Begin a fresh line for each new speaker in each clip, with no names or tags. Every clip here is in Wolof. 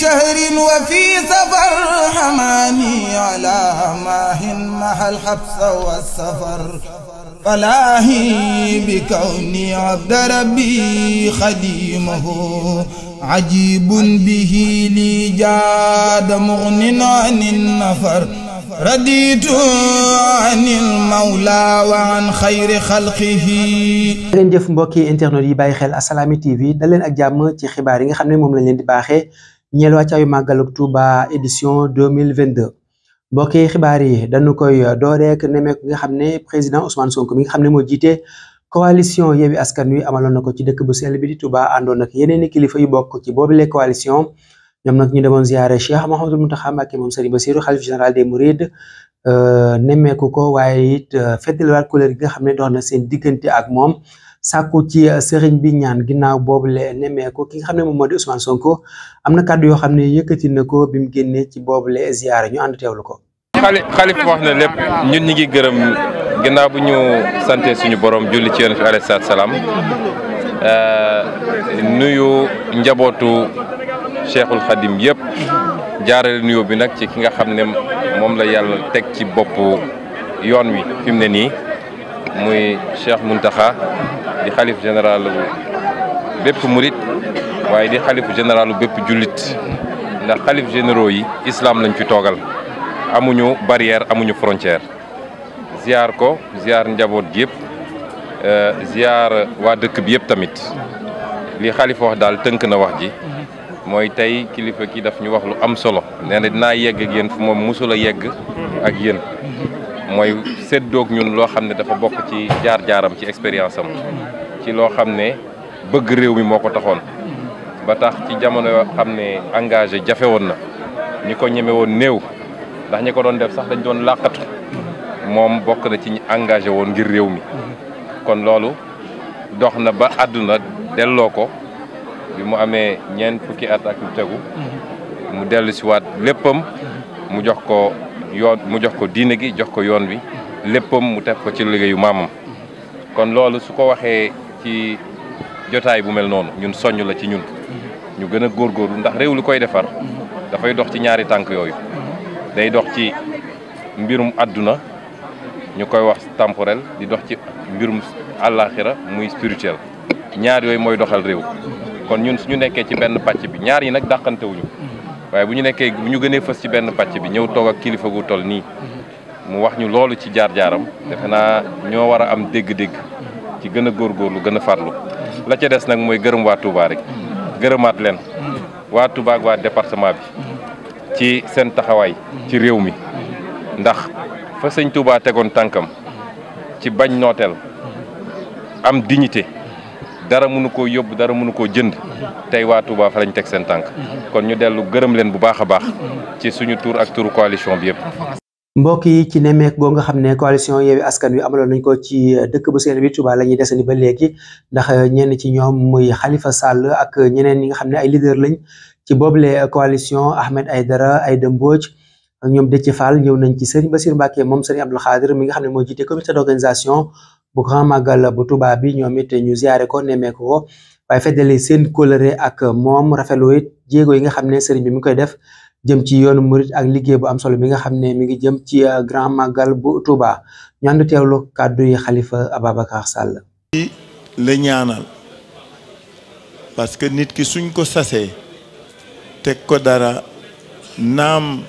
شهر وفي سفر حماني على ماه مع الحبس والسفر فلاهي بكوني عبد ربي خديمه عجيب به لي جاد مغن عن النفر رديت عن
المولى وعن خير خلقه leen jëf mbokki internet yi bàyyi xel Assalaamy TV dal leen ak jàmm ci xibaar yi nga xam ne moom lañ leen di baaxee ñeel wàccaayu màggalug Touba édition 2022 mbokki xibaar yi dañu koy dooreek nemeek nga xam ne président Ousmane Sonko mi nga xam ne moo jiite coalition Yewwi Askan Wi amaloon na ko ci dëkk bu sell bi di Touba àndoon ak yeneen i kilifa yu bokk ci boobile coalition ñoom nag ñu demoon ziare Cheikh Mouhamadou Mountakha Mbacké moom Serigne Bassirou xalif général des Mourides euh, nemmeeku ko waaye it euh, fetaliwaat couleur gi nga xam ne dox na seen diggante ak moom sàkku ci euh, sëriñ bi ñaan ginnaaw boobu le nemmeeku ki nga xam ne moom moo di Ousmane ko am na kàddu yoo xam ne yëkkati na ko bi mu génnee ci boobu le ziyaara ñu ànd teewlu ko.
xali xalif wax na lépp ñun ñi ngi gërëm ginnaaw bu ñu sante suñu borom julli ci yonent bi alayhi salaatu salaam euh, nuyu njabootu cheikhul xadim yëpp jaarale nuyu bi nag ci ki nga xam ne moom la yàlla teg ci bopp yoon wi fi ne nii. muy Cheikh Mountakha di xalif général bépp murit waaye di xalif général bépp jullit ndax xalif généraux yi islam lañ fi toogal amuñu barrière amuñu frontière ziar ko ziar njaboot gi yëpp euh, ziar waa dëkk bi yëpp tamit li xalif wax daal tënk na wax ji mooy tey kilifa ki daf ñu wax lu am solo nee na dinaa yegg ak yéen fu moom mosul a yegg ak yéen mooy doog ñun loo xam ne dafa bokk ci jaar-jaaram ci expérience am ci loo xam ne bëgg réew mi moo ko taxoon ba tax ci jamono yoo xam ne engage jafe woon na ñi ko ñeme woon néew ndax ñi ko doon def sax dañ doon làqatu moom bokk na ci ñi engagé woon ngir réew mi kon loolu dox na ba àdduna delloo ko bi mu amee ñeent fukki at ak lu tegu mu dellu siwaat léppam mu jox ko yoon mu jox ko diine gi jox ko yoon wi léppam mu teg ko ci liggéeyu maamam kon loolu su ko waxee ci jotaay bu mel noonu ñun soññ la ci ñun ñu gën a góorgóorlu ndax réew lu koy defar dafay dox ci ñaari tànk yooyu day dox ci mbirum àdduna ñu koy wax temporel di dox ci mbirum àllaaxira muy spirituel ñaar yooyu mooy doxal réew kon ñun su ñu nekkee ci benn pàcc bi ñaar yi nag dàqantewuñu waaye bu ñu nekkee bu ñu gënee fës ci benn pàcc bi ñëw toog ak kilifa gu tol nii mu wax ñu loolu ci jaar-jaaram defe naa ñoo war a am dégg-dégg ci gën a góorgóorlu gën a farlu la ca des nag mooy gërëm waa Touba rek gërëmaat leen waa Touba waa département bi ci seen taxawaay ci réew mi ndax fa sëñ Touba tegoon tànkam ci bañ nooteel am dignité dara mënu koo yóbbu dara mënu koo jënd tey waa Touba fa lañ teg seen tànk kon ñu dellu gërëm leen bu baax a baax ci suñu tuur ak turu coalition bi yëpp
mbokk yi ci nemmeek goo nga xam ne coalition Yewwi Askan Wi amaloon nañ ko ci euh, dëkk bu seen bi Touba la ñuy desani ba léegi ndax euh, ñenn ci ñoom muy Khalifa Sall ak ñeneen ñi nga xam ne ay leader lañ ci boobu boobule euh, coalition Ahmed ay Aïda Mbodj ñoom Déthié Fall ñëw nañ ci Serigne Bassirou Mbacké moom Serigne Abdou Khadre mi nga xam ne mooy jiite comité d'organisation bu grand magal bu Touba bi ñoom it ñu ziare ko nemmeeku ko waaye feddali seen kóllëre ak moom rafetlu it jéego yi nga xam ne sëriñ bi mi ngi koy def jëm ci yoonu murit ak liggéey bu am solo bi nga xam ne mi ngi jëm ci euh, grand magal bu Touba ñu ànd teewlu Xalifa Ababacar Sall.
la ñaanal parce que nit ki suñ ko sasee teg ko dara naam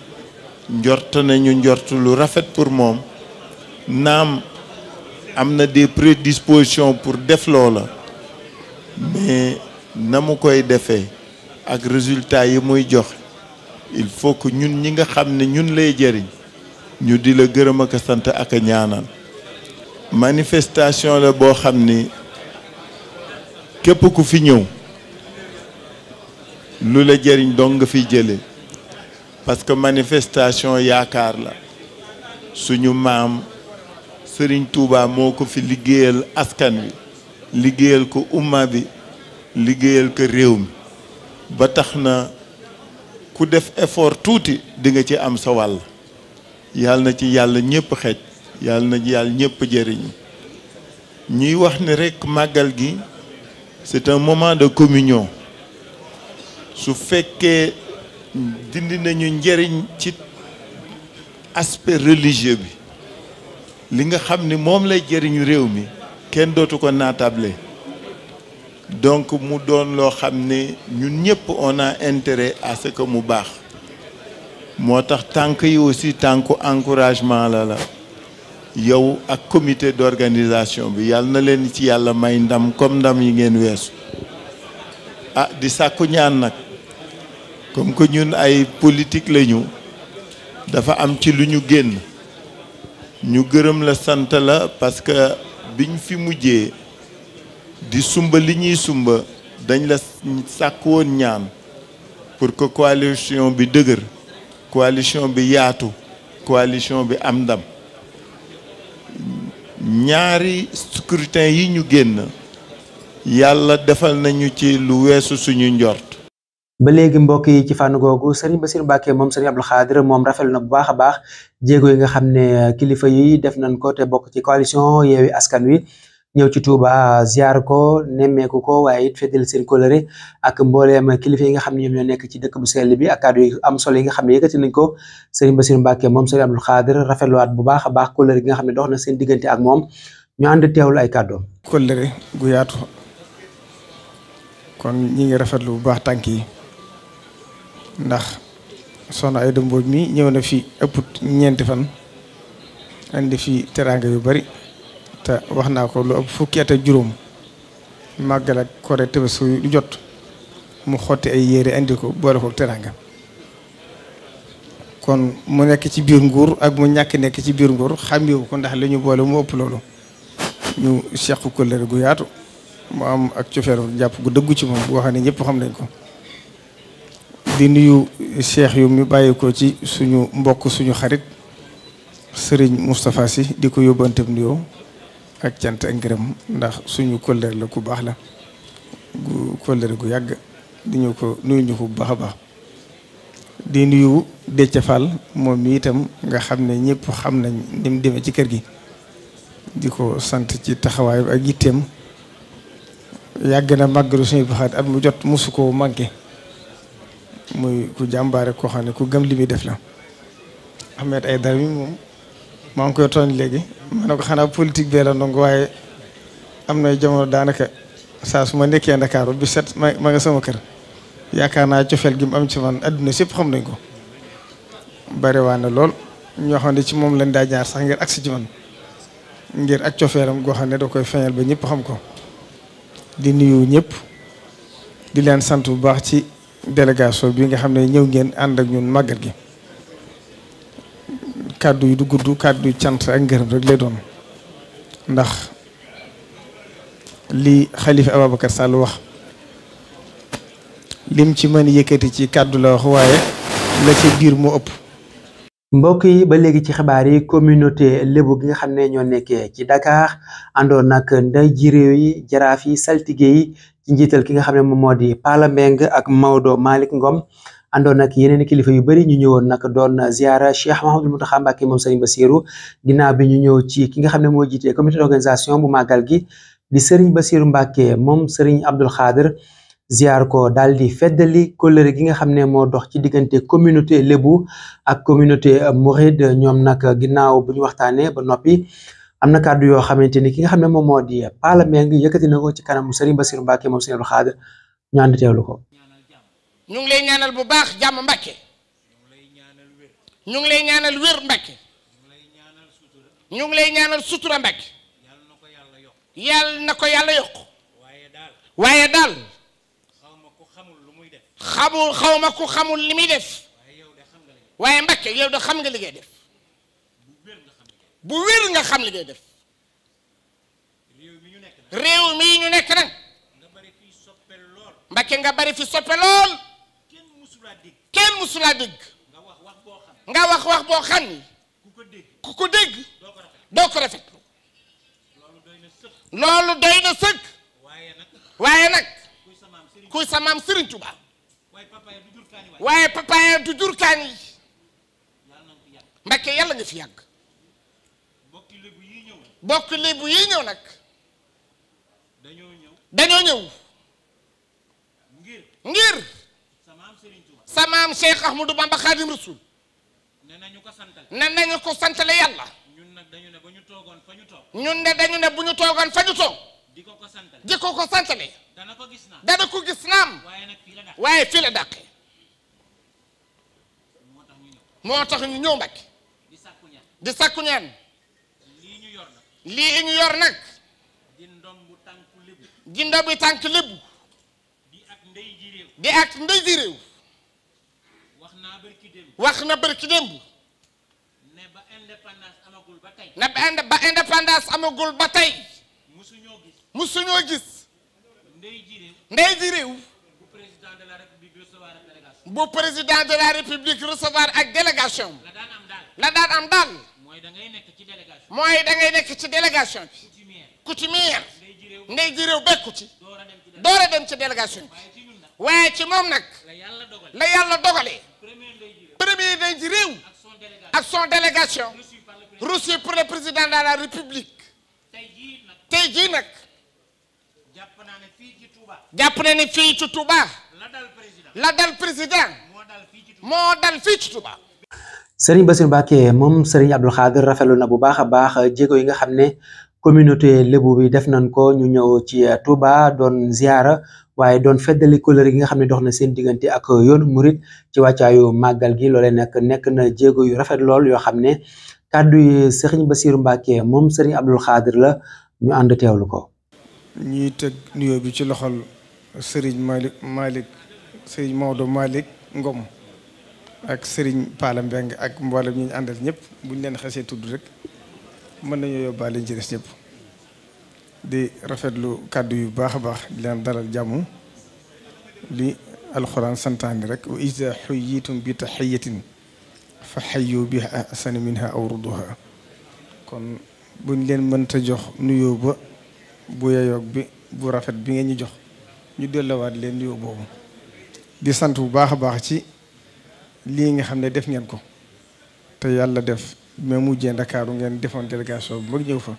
njort nañu njort lu rafet pour moom naam. am na des prédispositions pour def la mais na mu koy defee ak résultat yi muy jox il faut que ñun ñi nga xam ne ñun lay jëriñ ñu di la gërëm ak a sant ak a ñaanal manifestation la boo xam ni képp ku fi ñëw lu la jëriñ dong nga fiy jële parce que manifestation yaakaar la suñu maam sëriñ Touba moo ko fi liggéeyal askan wi liggéeyal ko umma bi liggéeyal ko réew mi ba tax na ku def effort tuuti dinga ci am sa wàll yàlla na ci yàlla ñëpp xej yàlla na ci yàlla ñëpp jëriñu ñuy wax ni rekk màggal gi c'est un moment de communion su fekkee dindi nañu njëriñ ci aspect religieux bi li nga xam ni moom lay jëriñu réew mi kenn dootu ko naatable donc mu doon loo xam ne ñun ñëpp on a intérêt à que mu baax moo tax tànk yi aussi tànku encouragement la la yow ak comité d'organisation bi yàlla na leen ci yàlla may ndam comme ndam yi ngeen weesu ah di sàkku ñaan nag comme que ñun ay politique lañu dafa am ci lu ñu génn ñu gërëm la sant la parce que biñ fi mujjee di sumba li ñuy sumba dañ la sàkk woon ñaan pour que coalition bi dëgër coalition bi yaatu coalition bi am ndam ñaari scrutin yi ñu génn yàlla defal nañu ci lu weesu suñu njort ba léegi mbokk yi ci fànn googu Serigne Bassirou Mbacké
moom Serigne Abdou Khadre moom rafetlu na bu baax a baax jéego yi nga xam ne euh, kilifa yi def nañ ko te bokk ci coalition Yewwi Askan Wi ñëw ci Touba ziar ko nemmeeku ko waaye it feddal seen kóllëre ak mbooleem kilifa yi nga xam ne ñoom ñoo nekk ci dëkk bu sell bi ak kàddu yu am solo yi nga xam ne yëkkati nañ ko Serigne Bassirou Mbacké moom Serigne Abdou Khadre rafetluwaat bu baax a baax kóllëre gi nga xam ne dox na seen diggante ak moom ñu ànd teewlu ay kàddoom kóllëre gu yaatu
kon ñi ngi rafetlu baax tànk yi ndax soxna ay dëmbooj mi ñëw na fi ëpp ñeenti fan indi fi teraanga yu bari te wax naa ko lu ëpp fukki at ak juróom màggal ak kore tëbësu jot mu xotti ay yére indi ko boole ko teraanga kon mu nekk ci biir nguur ak mu ñàkk nekk ci biir nguur xàmmewu ko ndax li ñu boole mu ëpp loolu ñu seq kóllëre gu yaatu mu am ak cofeeru jàpp gu dëggu ci moom boo xam ne ñëpp xam nañ ko di nuyu cheikh yu mu bàyyi ko ci suñu mbokk suñu xarit sëriñ Moustapha Sy di ko yóbbantam nuyoo ak cant ak ngërëm ndax suñu kóllëre la ku baax la gu kóllëre gu yàgg di ñu ko nuyu ñu ko bu baax a baax di nuyu Déthié Fall moom mi itam nga xam ne ñëpp xam nañ ni deme ci kër gi di ko sant ci taxawaay ak yitteem yàgg na màggalu suñu baxaat at mu jot mosu koo manqué muy ku jàmbaare ko xam ne ku gëm li muy def la Ahmed Aïdara mi moom maa ngi koy tooñ léegi ma ne ko xanaa politique bee la ndongo waaye am na jamono daanaka saa su ma nekkee Ndakaaru bi set ma ma nga sama kër yaakaar naa cofeel gi mu am ci man adduna sépp xam nañ ko bari waa na lool ñoo xam ne ci moom lañ daa jaar sax ngir agsi ci man ngir ak cofeelam goo xam ne da koy feeñal ba ñëpp xam ko di nuyu ñëpp di leen sant bu baax ci délégation bi nga xam ne ñëw ngeen ànd ak ñun màggal gi kàddu yi du gudd kàddu yi cant ak ngërëm rek lay doon ndax li xalifa Ababacar Sall wax
lim ci mën yëkkati ci kàddu la wax waaye la ci biir moo ëpp mbokk yi ba léegi ci xibaar yi communauté lébu gi nga xam ne ñoo nekkee ci Dakar àndoon nag nday ji réew yi jaraaf ci njiital ki nga xam ne moom moo di Pala Mbeng ak Maodo Malick Ngom àndoon nag yeneen kilifa yu bëri ñu ñëwoon nag doon ziara Cheikh Mahamadul Mountakha Mbacké moom Serigne Bassirou ginnaaw bi ñu ñëw ci ki nga xam ne moo jiitee comité d'organisation màggal gi di Serigne Bassirou Mbacké moom Serigne Abdoul Khadir ziar ko daal di feddali kóllëre gi nga xam ne moo dox ci diggante communauté lébu ak communauté mouride ñoom nag ginnaaw bu ñu waxtaanee ba noppi am na kàddu yoo xamante ni ki nga xam ne moom moo di Pala Meng yëkkati na ko ci kanamu Serigne Bassirou Mbacke moom Serigne Abdou Khadre ñu ànd teewlu ko.
ñu ngi lay ñaanal bu baax jàmm Mbacke ñu ngi lay ñaanal wér Mbacke ñu ngi lay ñaanal sutura Mbacke yàlla na ko yàlla yokk waaye daal. xamul xaw ma ku xamul li muy def waaye Mbàkke yow de xam nga li ngay def bu wér nga xam li ngay def réew mii ñu nekk nag Mbàkke nga bari fi soppe lool kenn musulaa dégg nga wax wax boo xam ni ku ko dégg doo ko rafetlu loolu doy na sëkk waaye nag kuy sa maam Serigne waaye papaaya du jur kaan yi mbakke yàlla nga fi yàgg bokk lébu yi ñëw nag dañoo ñëw ngir sa maam Cheikh Ahmadou Bamba Khadim Rasoul ne nañu ko santale ne nañu ko santale yàlla ñun ne dañu ne bu ñu toogoon fa ñu toog ñun ne dañu ne bu ñu toogoon fa ñu toog di ko ko santale ko ko dana ko gis naam dana ko gis naam waaye nag fii waaye fii la dàqee moo tax ñu ñëw moo tax ñu di sàkku lii ñu yor nag lii yor nag di ndombu tànku lébu di ndombu tànk lébu di ak ndey ji réew di ak ndey ji réew wax na bërki démb wax na ne ba indépendance amagul ba tey ne ba indépendance amagul ba tey musuñoo gis musuñoo gis ndey ji réew ndey ji réew bu président de la république recevoir ak délégation bu président la république recevoir ak délégation la daan am daal la daan am daal mooy da ngay nekk ci délégation mooy da ngay nekk ci délégation bi coutumière ndey ji réew bekku ci doora dem ci délégation bi waaye ci moom nag la yàlla dogalee premier ndey ji réew ak son délégation reçu par le président de la république tey jii nag jàpp naa moo dal fii
ci moom Serigne Abdou Khadre rafetlu na bu baax a baax jéego yi nga xam ne communauté lébu bi def nañ ko ñu ñëw ci euh, Touba doon ziara waaye doon feddali couleur yi nga xam ne dox na seen diggante ak yoonu murit ci wàccaayu màggal gi loolee nekk nekk na jéego yu rafet lool yoo xam ne kàddu yi Serigne Bassirou Mbacké moom Serigne Abdou Khadre la. ñu ànd teewlu ko.
ñuy teg nuyoo bi ci loxol sëriñ Malick Malick sëriñ Maodo malik Ngom ak sëriñ Pala Mbeng ak mboolem ñi ñu àndal ñëpp bu leen xasee tudd rek mën nañoo yóbbaale ñu ci des ñëpp. di rafetlu kàddu yu baax a baax di leen dalal jàmm li alxuraan santaani rek wa iza xuyitum bi taxiyatin fa xayu biha ahsana minha aw rudduha kon buñ leen mënta jox nuyoo ba bu yayoog bi bu rafet bi ngeen ñu jox ñu dellowaat leen nuyoo boobu di sant bu baax a baax ci lii nga xam ne def ngeen ko te yàlla def mais mujjee ndakaaru ngeen defoon délégation bu mag ñëw fa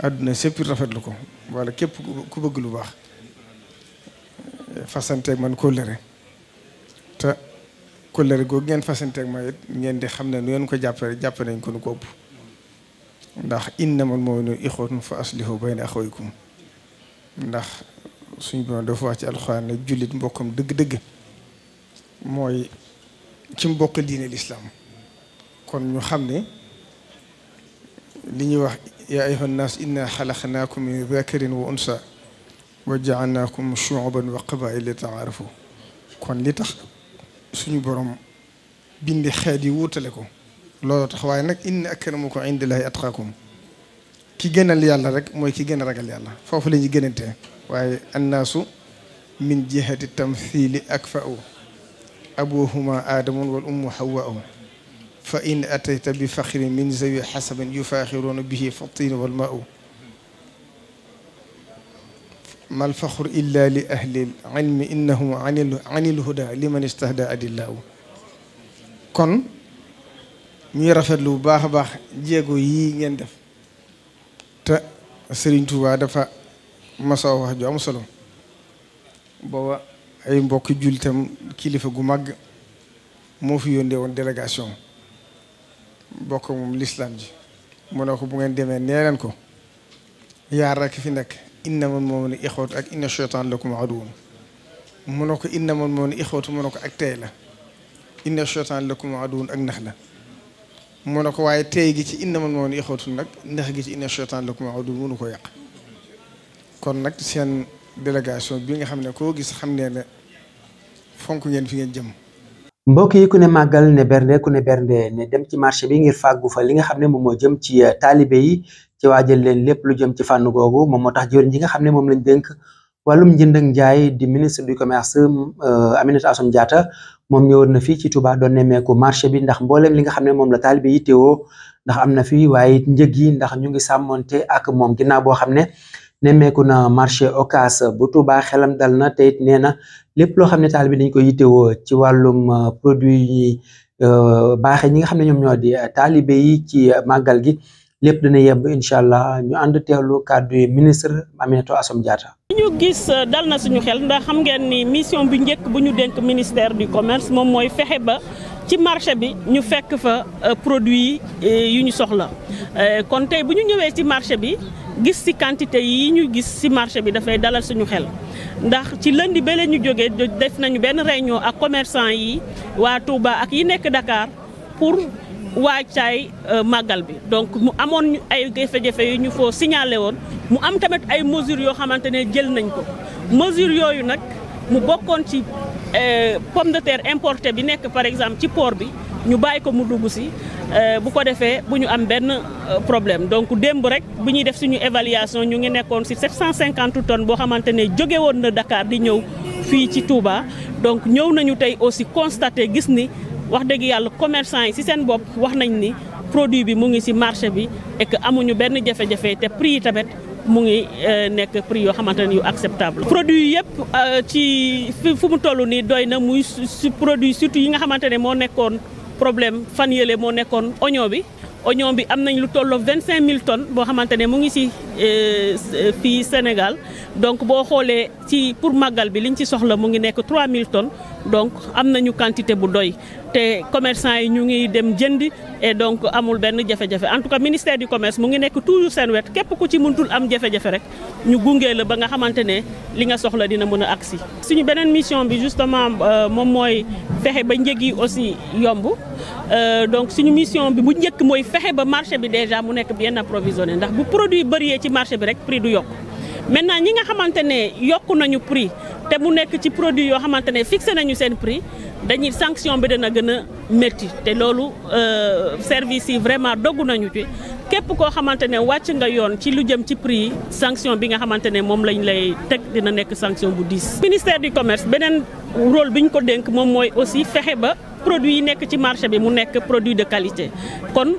àdduna rafet lu ko walla képp ku bëgg lu baax fasanteeg man kóllëre te kóllëre googu ngeen fasanteeg ma it ngeen di xam ne nu ngeen ko jàppale jàpp nañ ko nu ko ëpp ndax innamal mu'minuuna ixwatun fa aslihu bayna axawaykum ndax suñ borom dafa wax ci alxuraan ne jullit mbokkam dëgg-dëgg mooy ci mbokk diine lislaam kon ñu xam ne li ñuy wax yaa ayyuha nnaas inna xalaqnaakum min dakarin wa unsa wa jaalnaakum shuuban wa qabaa'ila li taarafu kon li tax suñu borom bindi xeet yi wuutale ko looloo tax waaye nag inna akramakum indallaahi atqaakum ki gënal yàlla rek mooy ki gën a ragal yàlla foofu la ñuy gënantee waaye annaasu min jihati tamthili ak fa u abuhuma aadamun wal ummu hawaau fa in atayta bi faxrin min zawi xasabin yufaaxiruuna bihi fa tiin wal maa u mal faxru illa li ahli ilmi innahum anil huda liman istahda adillaahu kon ñuy rafetlu bu baax a baax jéego yii ngeen def te Serigne Touba dafa masoo wax ju am solo booba ay mbokk jullitam kilifa gu mag moo fi yónnee woon délégation bokk moom lislaam ji mu ne ko bu ngeen demee nee leen ko yaar rekk fi nekk inna man moom ne ixootu ak inna cheytaan lakum aduwun mu ne ko inna moom ne ixootu mu ak tey la inna cheytaan lakum aduwun ak nax la mu ne ko waaye tey gi ci innamal mu'minuuna ixwatun nag ndax gi ci inna shaytaan lakum aduwwun mënu ko yàq kon nag seen délégation bi nga xam ne koo gis xam ne ne fonk ngeen fi ngeen jëm.
mbokk yi ku ne màggal ne bernde ku ne bernde ne dem ci marché bi ngir fàggu fa li nga xam ne moom moo jëm ci euh, taalibe yi ci waajal leen lépp lu jëm ci fànn googu moom moo tax jëwriñ ji nga xam ne moom lañ dénk. wàllum njënd ak di ministre du commerce euh, Aminata Assome Diatta moom ñëwoon na fii ci Touba doon nemmeeku marché bi ndax mbooleem li nga xam ne moom la taalibe yi teewoo ndax am na fi waaye njëg yi ndax ñu ngi te ak moom ginnaaw boo xam ne nemmeeku na marché Ocass bu Touba xelam dal na te it nee na lépp loo xam ne taalibe dañ ko yittewoo ci wàllum euh, produit yi euh, baaxe ñi nga xam ne ñoom ñoo di taalibe ci màggal gi lépp dina yebb incha allah ñu ànd teewlu kàddu yi ministre Aminata Assome Diatta.
li ñu gis euh, dal na suñu xel ndax xam ngeen ni mission bu njëkk bu ñu dénk ministère du commerce moom mooy fexe ba ci marché bi ñu fekk fa euh, produit euh, yu ñu soxla kon tey bu ñu ñëwee ci marché bi gis ci quantité yi ñu gis ci marché bi dafay dalal suñu xel. ndax ci lënd ba la ñu jógee def nañu benn réunion ak commerçant yi waa tuuba ak yi nekk Dakar pour. waacaay euh, màggal bi donc mu amoon ay jafe-jafe yu ñu foo signalé woon mu am tamit ay mesures yoo xamante ne jël nañ ko mesures yooyu nag mu bokkoon ci euh, pomme de terre importée bi nekk par exemple ci port bi ñu bàyyi ko mu dugg si euh, bu ko defee bu ñu am benn problème donc démb rek bu ñuy def suñu évaluation ñu ngi nekkoon si 750 tonnes boo xamante ne jóge woon na dakaar di ñëw fii ci Touba donc ñëw nañu tey aussi constaté gis ni wax dëgg yàlla commerçant yi ci seen bopp wax nañ ni produit bi mu ngi ci marché bi et amuñu benn jafe-jafe te prix yi tamit mu ngi euh, nekk prix yoo xamante ne yu acceptable produit yëpp euh, ci fu mu toll nii doy na muy su produit surtout yi nga xamante ne moo nekkoon problème fan yële moo nekkoon oignon bi oignon bi am nañ lu tolloo vingt cinq mille tonnes boo xamante ne mu ngi ci euh, fii Sénégal donc boo xoolee ci pour màggal bi liñ ci soxla mu ngi nekk trois mille tonnes donc am nañu quantité bu doy te commerçant yi ñu ngi dem jëndi et donc amul benn jafe-jafe en tout cas ministère du commerce mu ngi nekk toujours seen wet képp ko ci mëntul am jafe-jafe rek ñu gungee la ba nga xamante ne li nga soxla dina mën a agsi suñu beneen mission bi justement euh, moom mooy fexe ba njëg yi aussi yomb euh, donc suñu mission bi bu njëkk mooy fexe ba marché bi déjà mu nekk bien approvisionné ndax bu produit bëriyee ci marché bi rek prix du yokk maintenant ñi nga xamante ne yokku nañu prix te mu nekk ci produit yoo xamante ne fixé nañu seen prix dañuy sanction bi dana gën a métti te loolu euh, service yi vraiment dogg nañu ci képp koo xamante ne wàcc nga yoon ci lu jëm ci prix yi sanction bi nga xamante ne moom lañ lay teg dina nekk sanction bu diis. ministère du commerce beneen rôle bi ñu ko dénk moom mooy aussi fexe ba produit yi nekk ci marché bi mu nekk produit de qualité kon.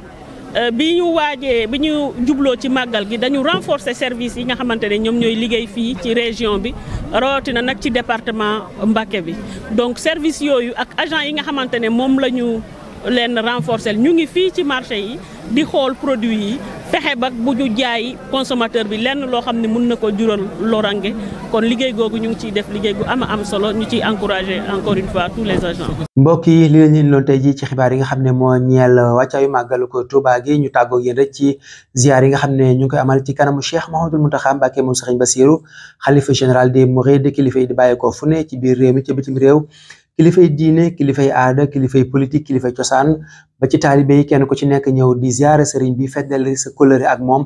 Euh, bi ñu waajee bi ñu jubloo ci màggal gi dañu renforcer service yi nga xamante ne ñoom ñooy liggéey fii ci région bi rawatina nag ci département Mbacké bi donc service yooyu ak agent yi nga xamante ne moom la ñu leen renforcer ñu ngi fii ci marché yi di xool produit yi fexe ba bu ñu jaay consommateur bi lenn loo xam ne mun na ko jural lorange kon liggéey googu ñu ngi ciy def liggéey gu ama am solo ñu ci encouragé encore une fois tous les agents.
mbokk yi li leen loon tey jii ci xibaar yi nga xam ne moo ñeel wàccaayu màggalu ko Touba gi ñu tàggoo yéen ci ziar yi nga xam ne ñu ngi koy amal ci kanamu Cheikh Mouhamadoul Mountakha Mbacké moom Serigne Bassirou xalifa général des Mourides kilifa yi di bàyyeekoo fu ne ci biir réew mi ci bitim réew. kilifay diine kilifay aada kilifay politique kilifay cosaan ba ci taalibe kenn ku ci nekk ñëw di ziare sëriñ bi feddali sa kóllëre ak moom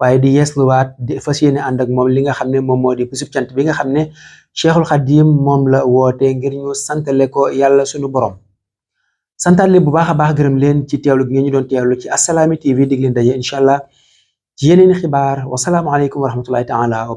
waaye di yees yeesluwaat di fas yéene ànd ak moom li nga xam ne moom moo di bisub cant bi nga xam ne cheikhul xadim moom la woote ngir ñu santale ko yàlla suñu borom santaat leen bu baax a baax gërëm leen ci teewlu gi ngeen ñu doon teewlu ci Assalaamy TV dig leen daje allah ci yeneen xibaar wasalaamualeykum wa rahmatullahi taala wa